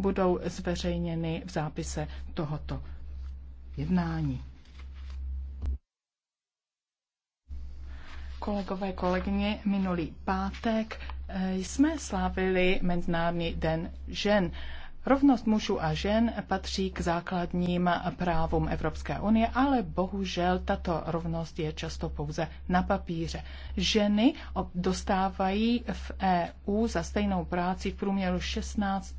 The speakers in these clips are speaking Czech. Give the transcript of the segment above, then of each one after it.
budou zveřejněny v zápise tohoto jednání. Kolegové, kolegyně, minulý pátek eh, jsme slávili Mezinárodní den žen. Rovnost mužů a žen patří k základním právům Evropské unie, ale bohužel tato rovnost je často pouze na papíře. Ženy dostávají v EU za stejnou práci v průměru 16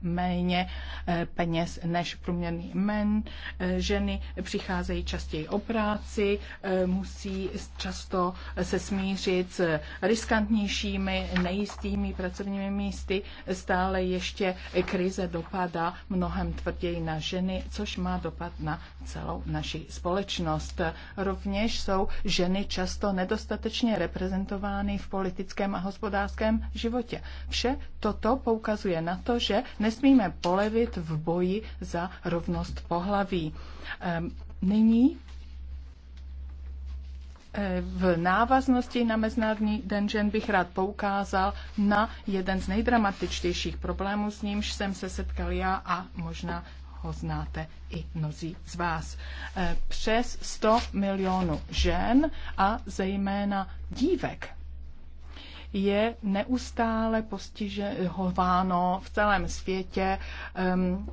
méně eh, peněz než průměrný men. Eh, ženy přicházejí častěji o práci, eh, musí často se smířit s riskantnějšími, nejistými pracovními místy, stále ještě krize krize dopadá mnohem tvrději na ženy, což má dopad na celou naši společnost. Rovněž jsou ženy často nedostatečně reprezentovány v politickém a hospodářském životě. Vše toto poukazuje na to, že nesmíme polevit v boji za rovnost pohlaví. Ehm, nyní v návaznosti na Mezinárodní den žen bych rád poukázal na jeden z nejdramatičtějších problémů, s nímž jsem se setkal já a možná ho znáte i mnozí z vás. Eh, přes 100 milionů žen a zejména dívek je neustále postižováno v celém světě um,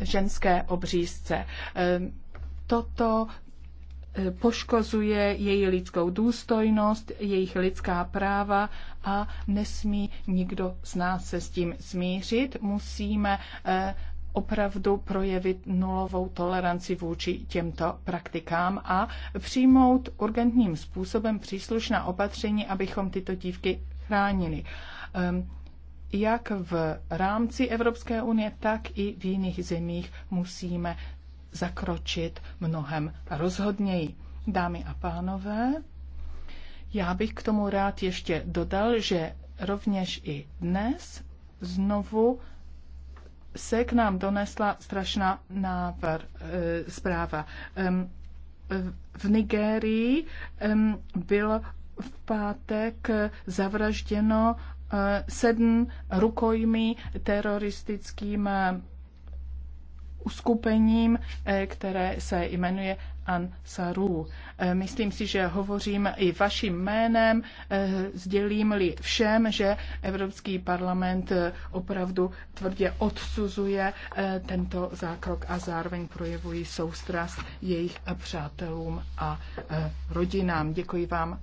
ženské obřízce. Ehm, toto eh, poškozuje její lidskou důstojnost, jejich lidská práva a nesmí nikdo z nás se s tím smířit. Musíme eh, opravdu projevit nulovou toleranci vůči těmto praktikám a přijmout urgentním způsobem příslušná opatření, abychom tyto dívky chránili. Ehm, jak v rámci Evropské unie, tak i v jiných zemích musíme zakročit mnohem rozhodněji. Dámy a pánové, já bych k tomu rád ještě dodal, že rovněž i dnes znovu se k nám donesla strašná návr, e, zpráva. E, v Nigérii e, bylo v pátek zavražděno Eh, sedm rukojmí teroristickým eh, uskupením, eh, které se jmenuje Ansaru. Myslím si, že hovořím i vaším jménem, sdělím-li všem, že Evropský parlament opravdu tvrdě odsuzuje tento zákrok a zároveň projevují soustrast jejich přátelům a rodinám. Děkuji vám